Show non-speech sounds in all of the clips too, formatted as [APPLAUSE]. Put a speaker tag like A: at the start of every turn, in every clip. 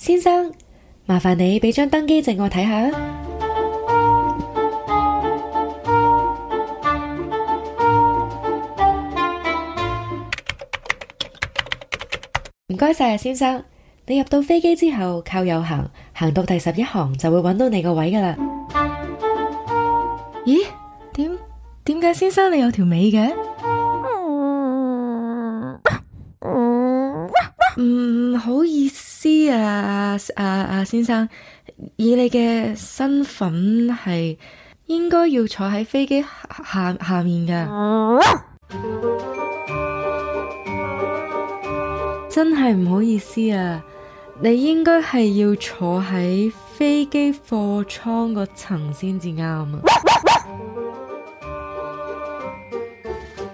A: 先生，麻煩你俾張登機證我睇下啊！唔該晒啊，先生。你入到飛機之後，靠右行，行到第十一行就會揾到你個位噶啦。咦？點點解先生你有條尾嘅？唔好。啊啊啊！Uh, uh, uh, 先生，以你嘅身份係應該要坐喺飛機下下，下面㗎， [LAUGHS] 真係唔好意思啊！你應該係要坐喺飛機貨倉個層先至啱啊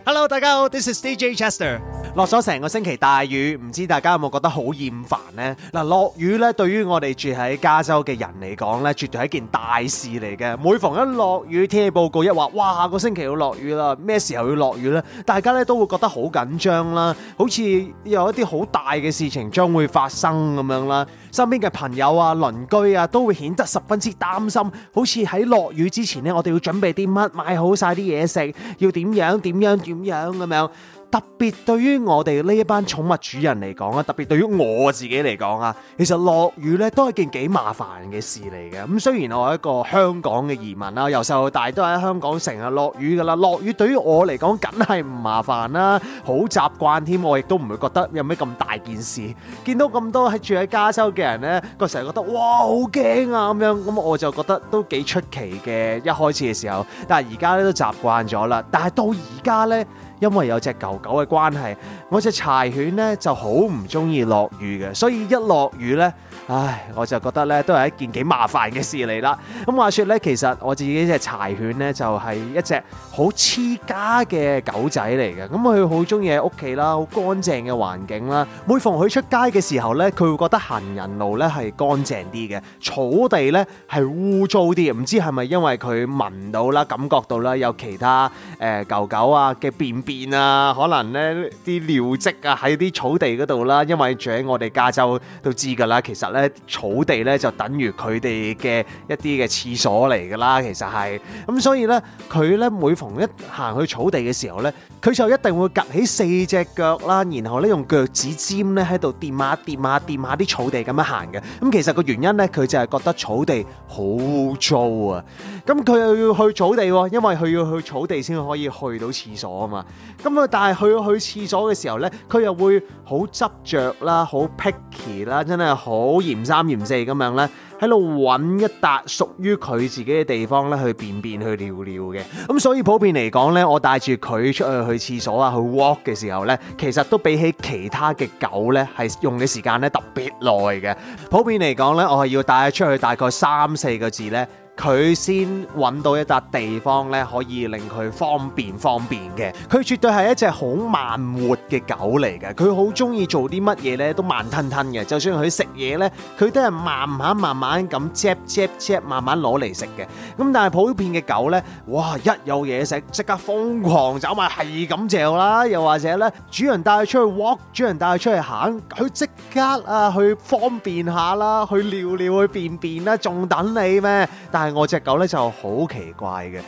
B: ！Hello，大家好，This is DJ Chester。落咗成個星期大雨，唔知大家有冇覺得好厭煩呢？嗱，落雨呢，對於我哋住喺加州嘅人嚟講呢，絕對係一件大事嚟嘅。每逢一落雨，天氣報告一話，哇，下個星期要落雨啦，咩時候要落雨呢？大家呢都會覺得好緊張啦，好似有一啲好大嘅事情將會發生咁樣啦。身邊嘅朋友啊、鄰居啊，都會顯得十分之擔心，好似喺落雨之前呢，我哋要準備啲乜，買好晒啲嘢食，要點樣、點樣、點樣咁樣。特別對於我哋呢一班寵物主人嚟講啊，特別對於我自己嚟講啊，其實落雨呢都係件幾麻煩嘅事嚟嘅。咁雖然我係一個香港嘅移民啦，由細到大都喺香港，成日落雨噶啦。落雨對於我嚟講梗係唔麻煩啦，好習慣添。我亦都唔會覺得有咩咁大件事。見到咁多係住喺加州嘅人呢，個成日覺得哇，好驚啊咁樣，咁我就覺得都幾出奇嘅。一開始嘅時候，但係而家咧都習慣咗啦。但係到而家呢。因為有隻狗狗嘅關係，我隻柴犬呢就好唔鍾意落雨嘅，所以一落雨呢。唉，我就覺得咧，都係一件幾麻煩嘅事嚟啦。咁話說咧，其實我自己隻柴犬咧，就係、係、一隻好黐家嘅狗仔嚟嘅。咁佢好中意喺屋企啦，好乾淨嘅環境啦。每逢佢出街嘅時候咧，佢會覺得行人路咧係乾淨啲嘅，草地咧係污糟啲。唔知係咪因為佢聞到啦，感覺到啦有其他誒狗、呃、狗啊嘅便便啊，可能咧啲尿跡啊喺啲草地嗰度啦。因為住喺我哋加州都知㗎啦，其實。咧草地呢就等於佢哋嘅一啲嘅廁所嚟㗎啦，其實係咁，所以呢，佢呢每逢一行去草地嘅時候呢，佢就一定會趌起四隻腳啦，然後呢，用腳趾尖呢喺度掂下掂下掂下啲草地咁樣行嘅。咁其實個原因呢，佢就係覺得草地好污糟啊！咁佢又要去草地，因為佢要去草地先可以去到廁所啊嘛。咁啊，但係佢要去廁所嘅時候呢，佢又會好執着啦，好 picky 啦，真係好～嫌三嫌四咁樣咧，喺度揾一笪屬於佢自己嘅地方咧，去便便去尿尿嘅。咁、嗯、所以普遍嚟講咧，我帶住佢出去去廁所啊，去 walk 嘅時候咧，其實都比起其他嘅狗咧，係用嘅時間咧特別耐嘅。普遍嚟講咧，我係要帶佢出去大概三四個字咧。佢先揾到一笪地方咧，可以令佢方便方便嘅。佢絕對係一隻好慢活嘅狗嚟嘅。佢好中意做啲乜嘢咧，都慢吞吞嘅。就算佢食嘢咧，佢都係慢慢慢慢咁嚼嚼嚼，慢慢攞嚟食嘅。咁但係普遍嘅狗咧，哇！一有嘢食即刻瘋狂走埋，係咁嚼啦。又或者咧，主人帶佢出去 walk，主人帶佢出去行，佢即刻啊去方便下啦，去尿尿去便便啦，仲等你咩？但係我隻狗咧就好奇怪嘅，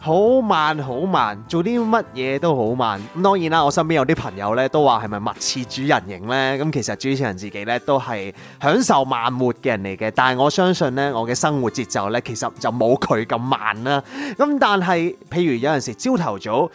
B: 好慢好慢，做啲乜嘢都好慢。咁當然啦，我身邊有啲朋友咧都話係咪物似主人形咧？咁其實主持人自己咧都係享受慢活嘅人嚟嘅。但係我相信咧，我嘅生活節奏咧其實就冇佢咁慢啦。咁但係，譬如有陣時朝頭早。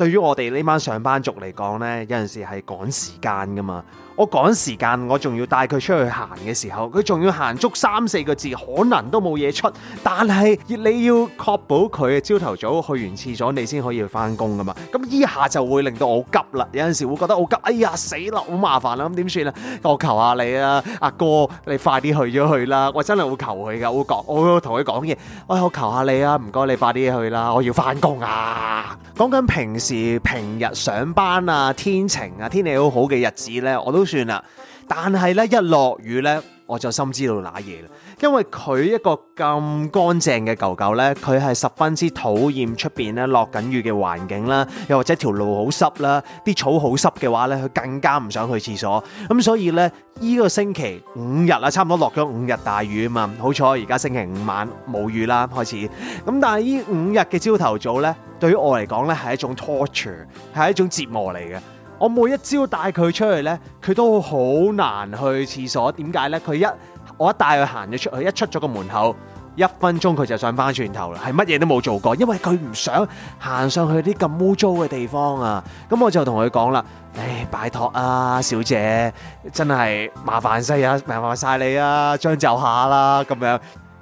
B: 對於我哋呢班上班族嚟講呢，有陣時係趕時間噶嘛。我趕時間，我仲要帶佢出去行嘅時候，佢仲要行足三四個字，可能都冇嘢出。但係你要確保佢朝頭早去完廁所，你先可以翻工噶嘛。咁依下就會令到我急啦。有陣時會覺得我急，哎呀死啦，好麻煩啦，咁點算啊？我求下你啊，阿哥，你快啲去咗去啦。我真係會求佢噶，我講，會同佢講嘢。我求下你啊，唔該你快啲去啦，我要翻工啊。講緊平時。平日上班啊，天晴啊，天氣好好嘅日子咧，我都算啦。但係咧，一落雨呢，我就心知道瀨嘢啦。因為佢一個咁乾淨嘅狗狗呢，佢係十分之討厭出邊咧落緊雨嘅環境啦，又或者條路好濕啦，啲草好濕嘅話呢，佢更加唔想去廁所。咁所以呢，呢個星期五日啊，差唔多落咗五日大雨啊嘛。好彩而家星期五晚冇雨啦，開始。咁但係呢五日嘅朝頭早呢，對於我嚟講呢，係一種 torture，係一種折磨嚟嘅。我每一朝帶佢出去呢，佢都好難去廁所。點解呢？佢一我一帶佢行咗出去，一出咗個門口一分鐘，佢就想翻轉頭啦。係乜嘢都冇做過，因為佢唔想行上去啲咁污糟嘅地方啊。咁我就同佢講啦：唉、哎，拜託啊，小姐，真係麻煩晒啊，麻煩晒你啊，將就下啦，咁樣。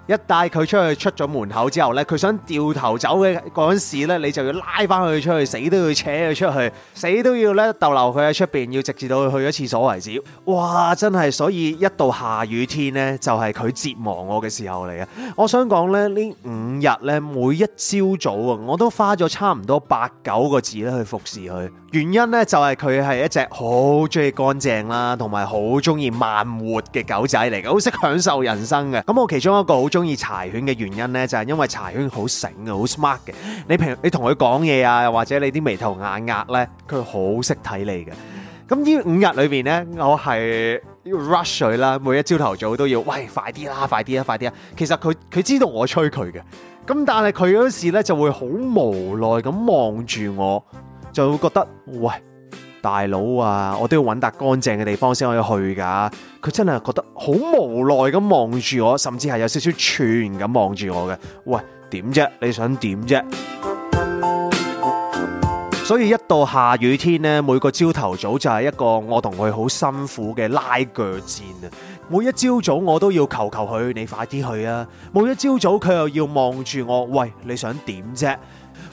B: 一帶佢出去，出咗門口之後呢，佢想掉頭走嘅嗰陣時咧，你就要拉翻佢出去，死都要扯佢出去，死都要咧逗留佢喺出邊，要直至到佢去咗廁所為止。哇！真係，所以一到下雨天呢，就係佢折磨我嘅時候嚟嘅。我想講呢，呢五日呢，每一朝早啊，我都花咗差唔多八九個字咧去服侍佢。原因咧就係佢係一隻好中意乾淨啦，同埋好中意慢活嘅狗仔嚟嘅，好識享受人生嘅。咁我其中一個好中意柴犬嘅原因咧，就係因為柴犬好醒啊，好 smart 嘅。你平你同佢講嘢啊，或者你啲眉頭眼額咧，佢好識睇你嘅。咁呢五日裏邊咧，我係 rush 佢啦，每一朝頭早都要，喂，快啲啦，快啲啊，快啲啊！其實佢佢知道我催佢嘅，咁但係佢嗰時咧就會好無奈咁望住我。就會覺得，喂，大佬啊，我都要搵笪乾淨嘅地方先可以去噶啊。佢真係覺得好無奈咁望住我，甚至係有少少串咁望住我嘅。喂，點啫？你想點啫？ [MUSIC] 所以一到下雨天呢，每個朝頭早就係一個我同佢好辛苦嘅拉鋸戰啊！每一朝早，早我都要求求佢，你快啲去啊！每一朝早佢又要望住我，喂，你想點啫？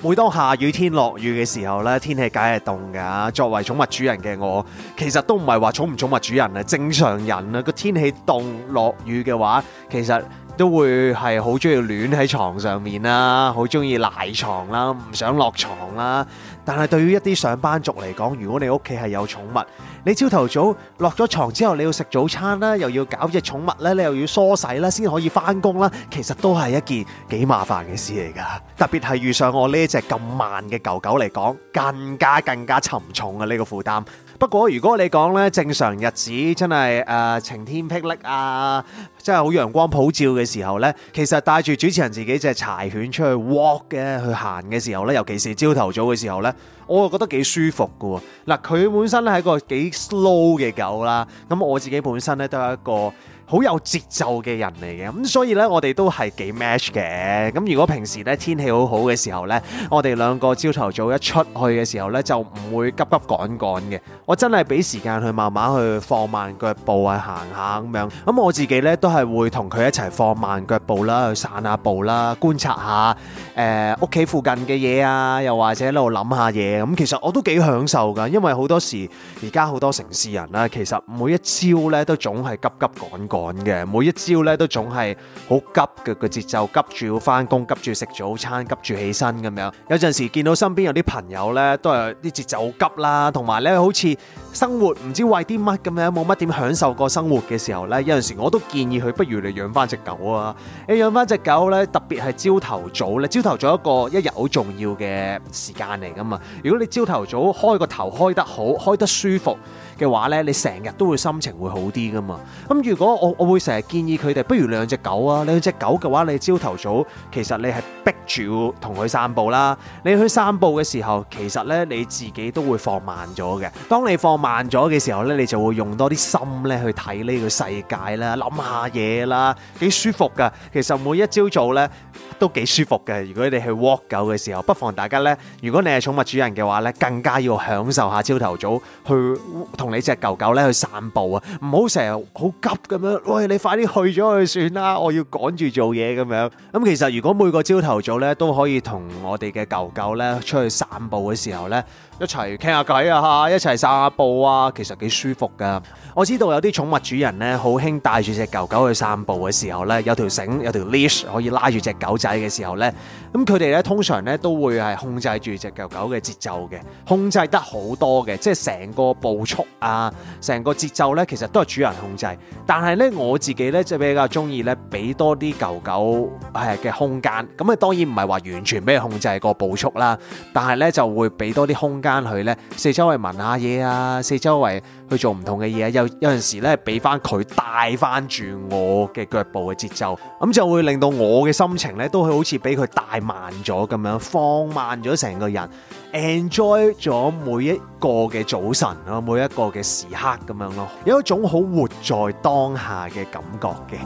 B: 每當下雨天落雨嘅時候呢，天氣梗係凍㗎。作為寵物主人嘅我，其實都唔係話寵唔寵物主人啊，正常人啊，個天氣凍落雨嘅話，其實。都會係好中意攣喺床上面啦，好中意賴床啦，唔想落床啦。但係對於一啲上班族嚟講，如果你屋企係有寵物，你朝頭早落咗床之後，你要食早餐啦，又要搞隻寵物咧，你又要梳洗啦，先可以返工啦。其實都係一件幾麻煩嘅事嚟㗎。特別係遇上我呢隻咁慢嘅狗狗嚟講，更加更加沉重啊！呢個負擔。不過如果你講咧，正常日子，真係誒，晴天霹靂啊，真係好陽光普照嘅時候呢，其實帶住主持人自己隻柴犬出去 walk 嘅去行嘅時候呢，尤其是朝頭早嘅時候呢，我就覺得幾舒服㗎喎。嗱，佢本身咧係個幾 slow 嘅狗啦，咁我自己本身呢，都有一個。好有節奏嘅人嚟嘅，咁所以呢，我哋都係幾 match 嘅。咁如果平時呢，天氣好好嘅時候呢，我哋兩個朝頭早一出去嘅時候呢，就唔會急急趕趕嘅。我真係俾時間去慢慢去放慢腳步啊，行下咁樣。咁我自己呢，都係會同佢一齊放慢腳步啦，去散下步啦，觀察下誒屋企附近嘅嘢啊，又或者喺度諗下嘢。咁其實我都幾享受㗎，因為好多時而家好多城市人呢，其實每一朝呢，都總係急急趕趕。嘅每一朝咧都總係好急嘅個節奏，急住要翻工，急住食早餐，急住起身咁樣。有陣時見到身邊有啲朋友咧，都係啲節奏好急啦，同埋咧好似生活唔知為啲乜咁樣，冇乜點享受過生活嘅時候咧。有陣時我都建議佢，不如你養翻隻狗啊！你養翻隻狗咧，特別係朝頭早咧，朝頭早一個一日好重要嘅時間嚟噶嘛。如果你朝頭早開個頭開得好，開得舒服嘅話咧，你成日都會心情會好啲噶嘛。咁如果我我我會成日建議佢哋，不如兩隻狗啊！兩隻狗嘅話，你朝頭早，其實你係逼住要同佢散步啦。你去散步嘅時候，其實咧你自己都會放慢咗嘅。當你放慢咗嘅時候咧，你就會用多啲心咧去睇呢個世界啦，諗下嘢啦，幾舒服噶。其實每一朝早咧都幾舒服嘅。如果你去 walk 狗嘅時候，不妨大家咧，如果你係寵物主人嘅話咧，更加要享受下朝頭早去同你隻狗狗咧去散步啊！唔好成日好急咁樣。喂，你快啲去咗去算啦，我要趕住做嘢咁樣。咁其實如果每個朝頭早咧都可以同我哋嘅狗狗咧出去散步嘅時候咧，一齊傾下偈啊吓，一齊散下步啊，其實幾舒服噶。我知道有啲寵物主人咧好興帶住隻狗狗去散步嘅時候咧，有條繩有條 leash 可以拉住隻狗仔嘅時候咧，咁佢哋咧通常咧都會係控制住隻狗狗嘅節奏嘅，控制得好多嘅，即係成個步速啊，成個節奏咧其實都係主人控制，但係咧。即係我自己咧，就比較中意咧，俾多啲狗狗係嘅空間。咁啊，當然唔係話完全俾佢控制個步速啦。但係咧，就會俾多啲空間佢咧，四周圍去聞下嘢啊，四周圍去做唔同嘅嘢啊。有有陣時咧，俾翻佢帶翻住我嘅腳步嘅節奏，咁就會令到我嘅心情咧，都好似俾佢帶慢咗咁樣，放慢咗成個人，enjoy 咗每一個嘅早晨啊，每一個嘅時刻咁樣咯，有一種好活在當下。嘅感覺嘅，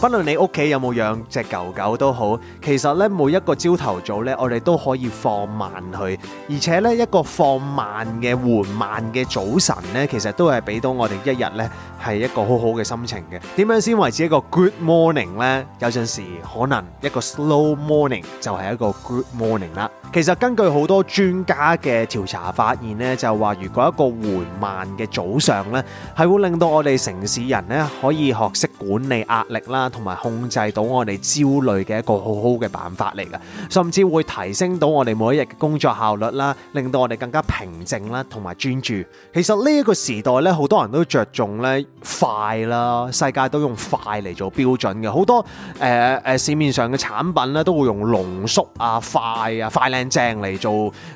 B: 不論你屋企有冇養隻狗狗都好，其實呢，每一個朝頭早呢，我哋都可以放慢佢，而且呢，一個放慢嘅緩慢嘅早晨呢，其實都係俾到我哋一日呢，係一個好好嘅心情嘅，點樣先維持一個 good morning 呢？有陣時可能一個 slow morning 就係一個 good morning 啦。其實根據好多專家嘅調查發現呢，就話如果一個緩慢嘅早上呢，係會令到我哋城市人呢可以學識管理壓力啦，同埋控制到我哋焦慮嘅一個好好嘅辦法嚟嘅，甚至會提升到我哋每一日嘅工作效率啦，令到我哋更加平靜啦，同埋專注。其實呢一個時代呢，好多人都着重呢。快啦，世界都用快嚟做標準嘅，好多誒誒、呃呃、市面上嘅產品咧都會用濃縮啊、快啊、快靚正嚟做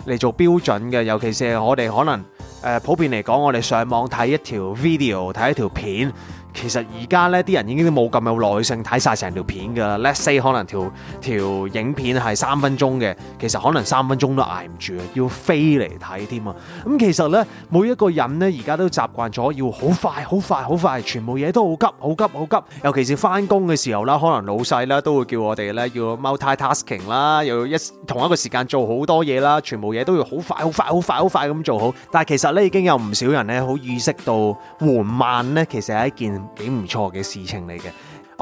B: 嚟做標準嘅，尤其是我哋可能誒、呃、普遍嚟講，我哋上網睇一條 video 睇一條片。其實而家咧，啲人已經都冇咁有耐性睇晒成條片㗎。Let’s say 可能條條影片係三分鐘嘅，其實可能三分鐘都捱唔住，要飛嚟睇添啊！咁、嗯、其實咧，每一個人咧而家都習慣咗要好快、好快、好快，全部嘢都好急、好急、好急，急。尤其是翻工嘅時候啦，可能老細啦都會叫我哋咧要 multi-tasking 啦，又一同一個時間做好多嘢啦，全部嘢都要好快、好快、好快、好快咁做好。但係其實咧已經有唔少人咧好意識到，緩慢咧其實係一件幾唔錯嘅事情嚟嘅。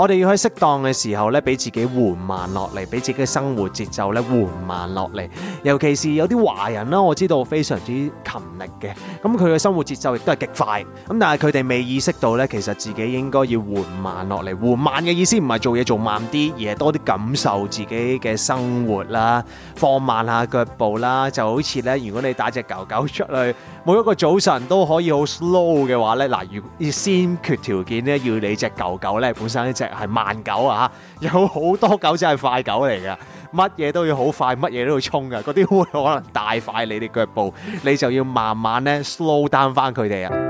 B: 我哋要喺適當嘅時候呢，俾自己緩慢落嚟，俾自己嘅生活節奏呢緩慢落嚟。尤其是有啲華人啦，我知道非常之勤力嘅，咁佢嘅生活節奏亦都係極快。咁但係佢哋未意識到呢，其實自己應該要緩慢落嚟。緩慢嘅意思唔係做嘢做慢啲，而係多啲感受自己嘅生活啦，放慢下腳步啦。就好似呢，如果你帶隻狗狗出去，每一個早晨都可以好 slow 嘅話呢，嗱，要先決條件呢，要你隻狗狗呢本身一隻係慢狗啊，有好多狗真係快狗嚟噶，乜嘢都要好快，乜嘢都要衝噶，嗰啲會可能大快你哋腳步，你就要慢慢咧 slow down 翻佢哋啊。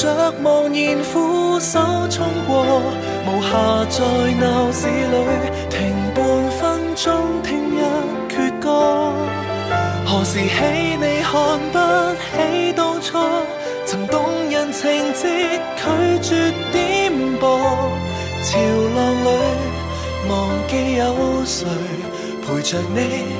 A: 着茫然，俯首衝過，無暇在鬧市裡停半分鐘聽一闋歌。何時起你看不起當初曾動人情節，拒絕點播？潮浪裏，忘記有誰陪着你。